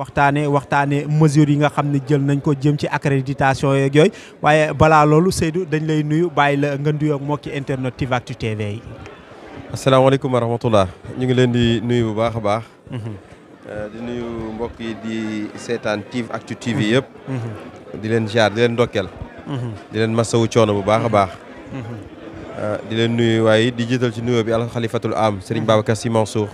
waxtaanee waxtaanee mesures yi nga xam ne jël nañ ko jëm ci accréditation yeeg yooyu waaye balaa loolu Seydou dañ lay nuyu bàyyi la nga nuyoo ak mbokki internet Tivactu TV yi. asalaamaaleykum wa ñu ngi leen di nuyu bu baax a baax. Mhm. Euh, di nuyu mbokk yi di seetaan Tivactu TV mhm. yëpp. Mhm. di leen jaar di leen ndokkeel. di leen masawu coono bu baax a baax. Euh, di leen nuyu waaye di jiital ci nuyoo bi alxalifatul am Serigne Babacar Sy Mansour.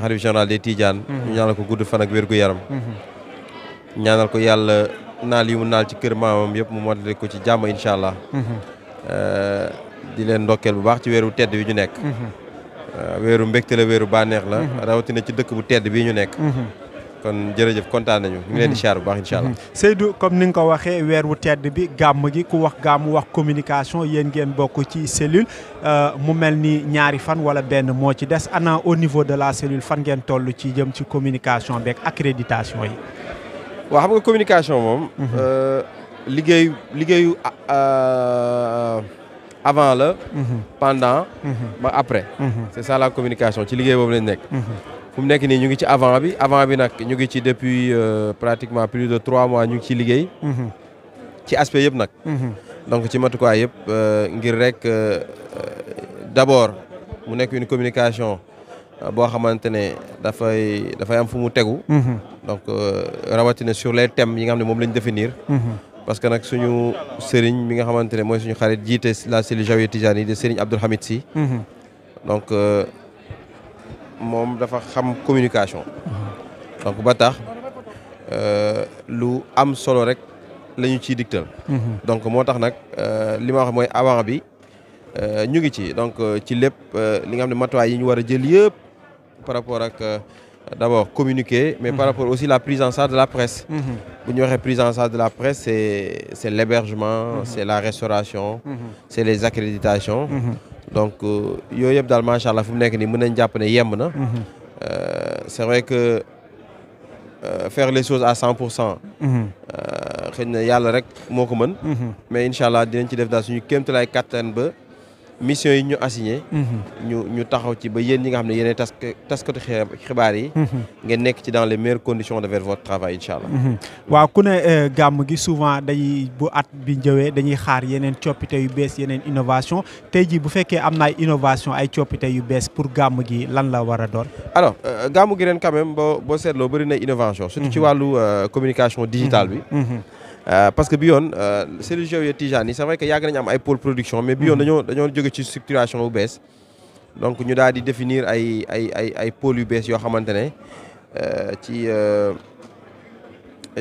xalif général des Tidiane. Mhm. ñu ñaanal ko gudd fan ak wér gu yaram. Mhm. ñaanal ko yàlla naal yi mu naal ci kër maamam yëpp mu motale ko ci jàmm incha allah. Mhm. Euh, di leen ndokkeel bu baax ci weeru tedd bi ñu nekk. Euh, weeru mbégte la weeru bànneex la. rawatina ci dëkk bu tedd bii ñu nekk. kon jërëjëf kontaan nañu. ñu ngi leen di mhm. siyaar bu baax incha allah. Seydou comme ni nga ko waxee weer wu tedd bi gàmm gi ku wax gàmm wax communication yéen ngeen bokk ci cellule euh, mu mel ni ñaari fan wala benn moo ci des ana au niveau de la cellule fan ngeen tollu ci jëm ci communication beeg accréditation yi. waaw xam nga communication moom. Mhm. Euh, liggéey liggéeyu euh, avant la. Mhm. pendant. ba après. c'est ça la communication ci liggéey boobu lañ nekk. fu mu nekk nii ñu ngi ci avant bi avant bi nag ñu ngi ci depuis euh, pratiquement plus de trois mois ñu ngi ci liggéey. Mhm. ci aspect yëpp nag. Mhm. donc ci matukaay yëpp euh, ngir rek euh, d'abord mu nekk une communication boo xamante ne dafay dafay am fu mu tegu. Mhm. donc rawatina sur les thèmes yi nga xam ne moom lañ définir. parce que nag suñu sëriñ mi nga xamante ne mooy suñu xarit jiite la cellule Zawiya Tidiane de sëriñ Abdoul Hamid Sy. donc. moom dafa xam communication donc ba tax euh, lu am solo rek la ñu ciy digtal mhm. donc moo tax nag euh, li ma wax mooy avant bi euh, ñu ngi ci donc ci lépp li nga xam ne matuwaay yi ñu war a jël yëpp par rapport ak d'abord communiquer mais par mhm. rapport aussi la prise en charge de la presse mhm. bu ñu waxee prise en charge de la presse c'est c'est l'hébergement c'est la restauration c'est les accréditations donc euh, yooyu yëpp daal macha allah fu mu nekk nii mën nañ jàpp ne yemb na. Mhm. Euh, c'est vrai que euh, le les à cent pour cent. Mhm. Euh, xëy na yàlla rek moo ko mën. Mhm. mais incha allah dinañ ci def daal suñu kéemtalaay kattan ba. mission yi ñu assigné. Mhm. ñu ñu taxaw ci ba yéen ñi nga xam ne yéenay tas taskatu xibaar yi. Mhm. ngeen nekk ci dans les meilleures conditions de faire votre travail incha allah. Mhm. waaw ku ne euh, gàmm gi souvent dañuy bu at bi njëwee dañuy xaar yeneen coppite yu bees yeneen innovation tey jii bu fekkee am na ay innovation ay coppite yu bees pour gàmm gi lan la war a doon. alors euh, gàmm gi ren quand boo boo seetloo bëri na innovation. surtout ci wàllu euh, communication digitale bi. Euh, parce que bi yoon euh, cellule Zawiya Tijaan yi c'est vrai que yàgg nañu am ay pôle production mais bi yoon mhm. dañoo dañoo jóge ci structuration bu bees donc ñu daal di définir ay ay ay ay pôles yu bees yoo xamante ne euh, ci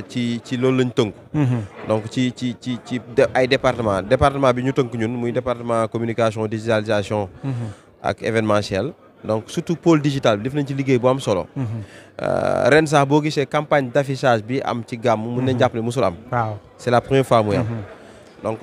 ci ci loolu lañ tënku. Mhm. donc ci ci ci ci ay département département bi ñu tënk ñun muy département communication digitalisation. Mhm. ak événementiel. donc surtout pôle digital bi def ci liggéey bu am solo. Mhm. Euh, ren sax boo gisee campagne d'affichage bi am ci gàmm. mun nañ mhm. jàpp ne musul am. waaw c'est la première mhm.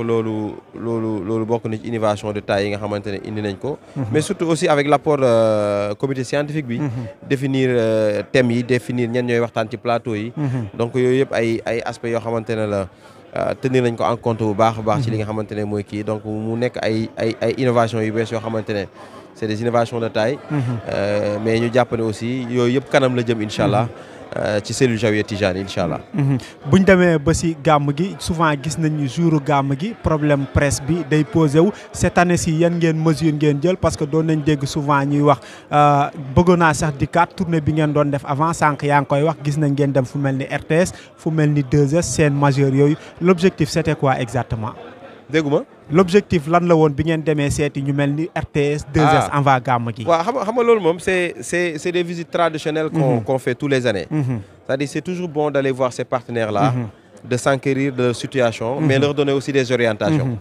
loolu loolu loolu bokk na ci innovation de taille yi nga xamante ne indi nañ ko. mais surtout aussi avec l'apport euh, comité scientifique bi. définir euh, thèmes yi définir ñenn ñooy waxtaan ci plateau yi. donc yooyu yëpp ay ay yoo xamante ne la. ko en bu baax a baax. ci li nga xamante ne mooy kii donc mu nekk ay ay innovation yu bees yoo xamante ne. c'est des innovations de taille. Mhm. Euh, mais ñu jàpp aussi yooyu yëpp kanam la jëm incha allah. Euh, ci cellule Zawiya Tijani incha allah. Mhm. bu ñu demee ba si gàmm gi souvent gis nañu jouru gàmm gi problème presse bi day posé wu cette année si yan ngeen mesure ngeen jël parce que doon nañ dégg souvent ñuy wax euh, bëggoon naa sax di kaat tournée bi ngeen doon def avant sànq yaa ngi koy wax gis nañ ngeen dem fu mel ni RTS fu mel ni 2S seen majeur yooyu l' objectif c' était quoi exactement. dégguma l'objectif lan la woon bi ngeen demee seeti ñu mel ni RTS 2S avant ah. gàmm gi waaw xam loolu moom c'est c'est c'est des visites traditionnelles qu'on mhm. qu'on fait tous les années mhm. cest dire c'est toujours bon d'aller voir ces partenaires là mhm. de s'enquérir de leur situation mais leur donner aussi des orientations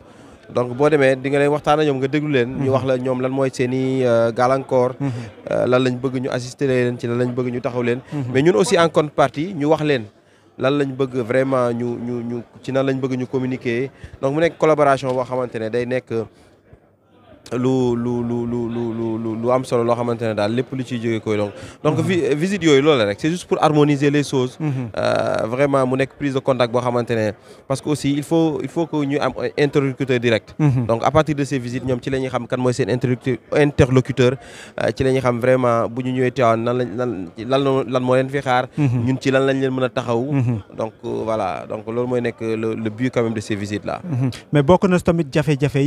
donc boo demee di nga leen waxtaan ak ñoom nga déglu leen ñu wax la ñoom lan mooy seen i euh, gàllankoor euh, lan lañ bëgg ñu assister leen ci lan lañ bëgg ñu taxaw leen mais ñun aussi ñu wax leen lan ñu bëgg vraiment ñu ñu ñu ci nan lañ bëgg ñu communiquer donc mu nekk collaboration boo xamante ne day nekk. lu lu lu lu am solo loo xamante daal lépp lu ciy jógee koy long mhm. euh, yooyu loolu rek c'est juste pour harmoniser les choses mhm. euh, vraiment mu nekk prise de contact boo xamante parce que aussi il faut il interlocuteur direct mhm. donc partir de ces visites ñoom ci la xam kan mooy seen interlocuteur euh, ci la xam vraiment bu ñu ñëwee Tivaouane nan lañ lan lan ñun ci lan lañ leen mën a taxaw donc voilà donc nekk le but quand de ces visites là mais bokk na tamit jafe-jafe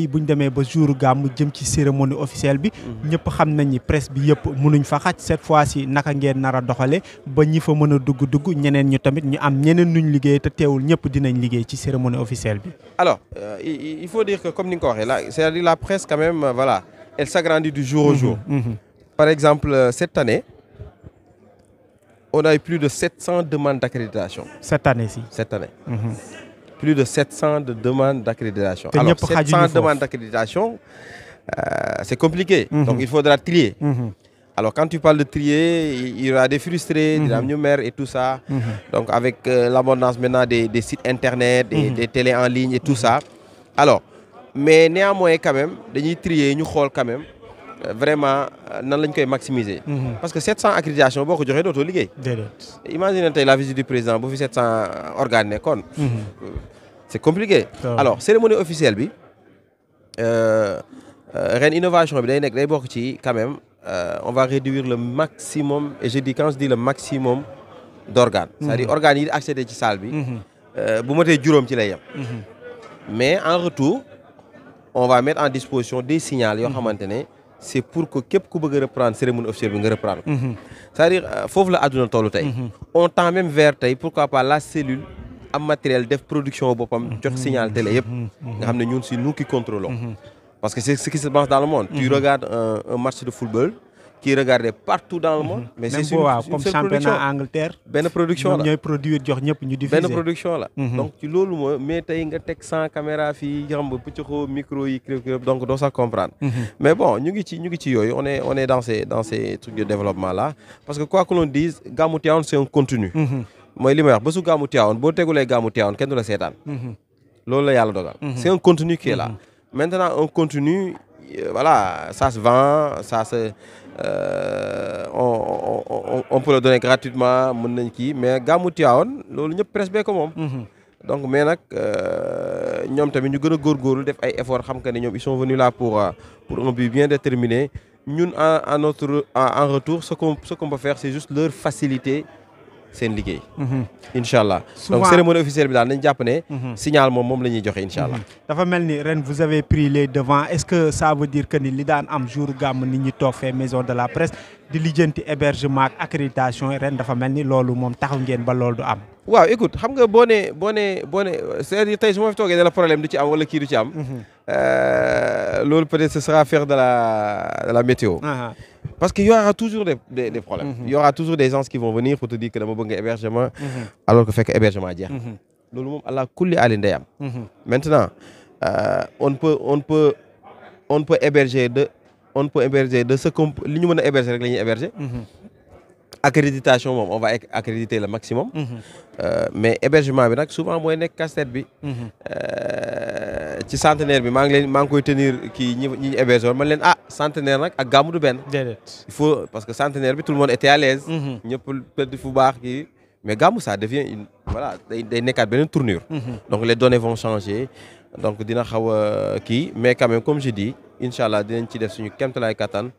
jëm ci cérémonie officielle bi mhm. ñëpp xam nañ ni bi yëpp mënuñ fa xaj cette fois ci naka ngeen nar a doxale ba ñi fa mën a dugg dugg ñeneen ñu tamit ñu am ñeneen nuñ liggéey te teewul ñëpp dinañ liggéey ci cérémonie officielle bi alors euh, il faut dire que comme ni nga ko waxee la cest quand même euh, voilà elle s'agrandit du jour au mhm. jour mmh, mmh. par exemple euh, cette année on a eu plus de 700 demandes d'accréditation cette année ci cette année mmh. plus de 700 euh, c'est compliqué. Mm -hmm. Donc il faudra trier. Mm -hmm. Alors quand tu de trier, il y aura des frustrés, des des mhm. mères et tout ça. Mhm. Donc avec euh, l'abondance maintenant des, des, sites internet, et des mhm. en ligne et tout ça. Alors, mais néanmoins quand même, nous trier, nous regardons quand même. Euh, vraiment euh, nan lañ koy maximiser. parce que 700 accréditation boo ko joxee dootoo liggéey. déedéet imagine tey la visite du président bu fi 700 euh, organes nekkoon. c' est compliqué. alors cérémonie officielle bi. Euh, ren innovation bi day nekk day bokk ci quand même euh, on va réduire le maximum et je dis quand je dis le maximum d'organes. Mhm. c'est-à-dire organes yi accédé ci salle bi. Mhm. Euh, bu matee juróom ci lay yem. Mhm. mais en retour on va mettre en disposition des signaux yoo xamante ne c'est pour que képp ku bëgg a reprendre cérémonie officielle bi nga reprendre ko. cest à foofu la àdduna toll tey. on tend même vers tey pourquoi pas la cellule. am matériel def production boppam. jox si Parce que c'est ce qui se passe dans le monde. Mmh. Tu mhm. regardes un, match de football qui est partout dans le mhm. monde. Mais c'est une, benn production la ñëpp ñu diffuser. benn production la. Mhm. donc ci loolu mooy mais tey nga teg sans caméra fii xam nga pëccëxoo micro yi kii donc doo sax mais bon ñu ngi ci ñu ngi ci yooyu on est on est dans ces dans ces trucs de développement là parce que quoi que l'on dise Gamou Tivaouane c'est un continu. mooy li may wax bésu Gamou Tivaouane boo tegulee Gamou Tivaouane kenn du la Maintenant, on continue, euh, voilà, ça se vend, ça se, euh, on, on, on, peut le donner gratuitement, mais Gamou Tiaon, c'est presque bien comme mhm. donc mais nag euh, ñoom tamit ñu gën a góorgóorlu def ay effort xam que ne ñoom ils sont venus là pour euh, pour un but bien déterminé ñun en en notre en retour ce qu'on ce qu'on peut faire c'est juste leur faciliter seen liggéey. Mhm. incha allah donc cérémonie officielle bi daal nañ jàpp ne. Mhm. signal moom moom la ñuy joxe incha allah. Mhm. dafa mel ni ren vous avez pris les devants est-ce que ça dire que ni daan am jour gàmm nit ñi toog fee maison de la presse di hébergement accréditation ren dafa mel ni loolu moom taxu ngeen ba loolu du am. waaw écoute xam nga boo nee boo nee boo nee cest à la problème du ci am wala kii du ci am. Euh, loolu peut-être ce affaire de la parce qu'il y aura toujours des, problèmes. Mm aura toujours des gens qui vont venir pour te dire que dama bëgg hébergement. Mm alors que fekk hébergement jeex. Mhm. loolu moom allah kulli alin day am. Mhm. maintenant euh, on peut peut on peut héberger de on peut héberger de ce qu'on li ñu mën a héberger rek mhm. va accréditer le maximum. Euh, mais hébergement bi nag souvent mooy nekk casse bi. Euh, ci centenaire bi maa ngi leen maa koy tenir kii ñi ñi ñu leen ah centenaire nag ak gàmmu du benn. déedéet il faut parce que centenaire bi tout le monde était à l'aise mhm. ñëpp tëdd fu baax kii mais gàmmu ça devient une voilà day day nekkaat beneen tournure. Mhm. donc les données von changer donc dina xaw a kii mais quand même comme je dis incha allah dinañ ci def suñu kéemtalaay kattan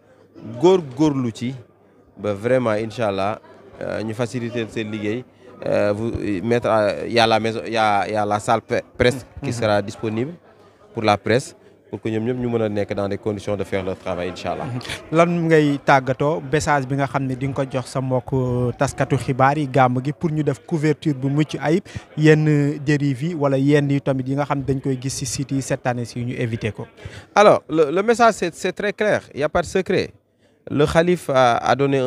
góor-góorlu ci ba vraiment incha allah euh, ñu faciliter seen liggéey. Euh, vous mettre à, il y a la a, il y salle presse qui mhm. sera disponible pour la presse pour que ñoom ñëpp ñu mën a nekk dans des conditions de faire leur travail incha allah. lan ngay tàggatoo message bi nga xam ne di ko jox sa mbokk euh, taskatu xibaar yi gàmm gi pour ñu def couverture bu mucc ayib yenn dérive yi wala yenn yi tamit yi nga xam ne dañ koy gis si site yi cette année ñu éviter ko. alors le, le message c'est c'est très clair il y a pas de secret le khalife a, donné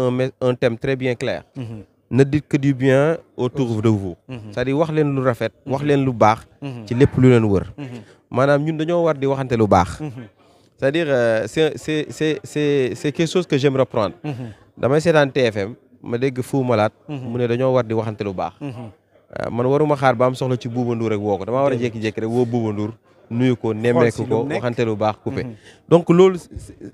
un thème très bien clair. Mm -hmm. ne dites que du bien autour de vous. Mhm. c'est-à-dire wax maanaam ñun dañoo war di waxante lu baax. Mhm. c'est-à-dire euh, c'est c'est c'est c'est c'est quelque chose que j'aime reprendre. Mhm. damay seetaan TFM ma dégg Fou Malade. Mhm. mu ne dañoo war di waxante lu baax. Euh, man waruma xaar ba am soxla ci Bouba rek woo ko damaa war a jékki-jékki rek woo Bouba Ndour nuyu ko nemmeeku ko waxante lu baax coupé. donc loolu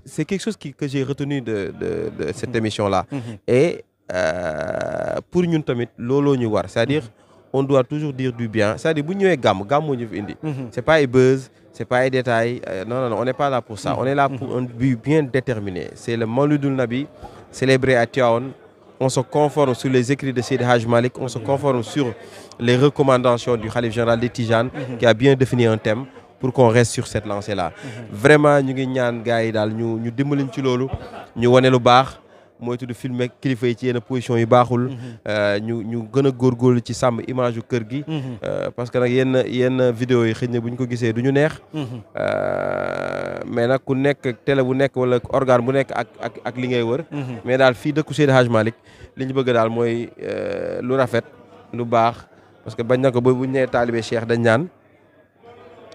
c'est quelque chose qui que de de de cette émission là. et euh, pour ñun tamit looloo ñu war cest dire on doit toujours dire du bien c'est-à-dire bu ñëwee gàmm gàmmoo ñu fi mhm. c'est pas ay buzz c'est pas ay détails euh, non non non on n'est pas là pour ça. Mhm. on est là pour bien déterminé c'est le Mawlidul Nabi célébré à Tivaouane on se conforme sur les écrits de Seydi Hadj Malick on se conforme sur les recommandations du khalife général des mhm. qui a bien défini un thème pour qu'on reste sur cette lancée là vraiment ñu ngi ñaan gars yi loolu ñu mooy tudd film ak kilifa yi ci yenn position yi baaxul. Mhm. Euh, ñu ñu gën a góorgóorlu ci sàmm image yu kër gi. Mhm. Euh, parce que nag yenn yenn vidéo yi xëy ne bu ñu ko gisee du ñu neex. Mhm. Euh, mais nag ku nekk tele bu nekk wala organe bu nekk ak ak ak li ngay wër. mais daal fii dëkku Seydi Hadj Malick li ñu bëgg daal mooy lu rafet lu baax parce que bañ na ko ba bu ñu nee taalibe Cheikh dañ ñaan.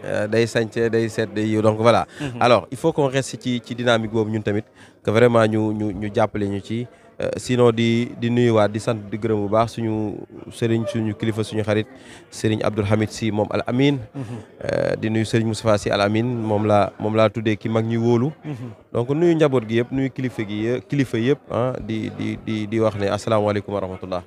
Euh, day sanc day seet donc voilà mhm. alors il faut qu'on reste ci ci dynamique boobu ñun tamit que vraiment ñu ñu ñu jàppale ñu ci euh, sinon di di nuyuwaat di sant di gërëm bu baax suñu sëriñ suñu kilifa suñu xarit sëriñ Abdoul Hamid si moom al amin mhm. euh, di nuyu sëriñ Moustapha si al amin moom la moom laa tuddee ki mag ñuy wóolu mhm. donc nuyu njaboot gi yëpp nuyu kilifa gi kilifa yëpp ah, di di di wax ne asalaamaaleykum wa rahmatullah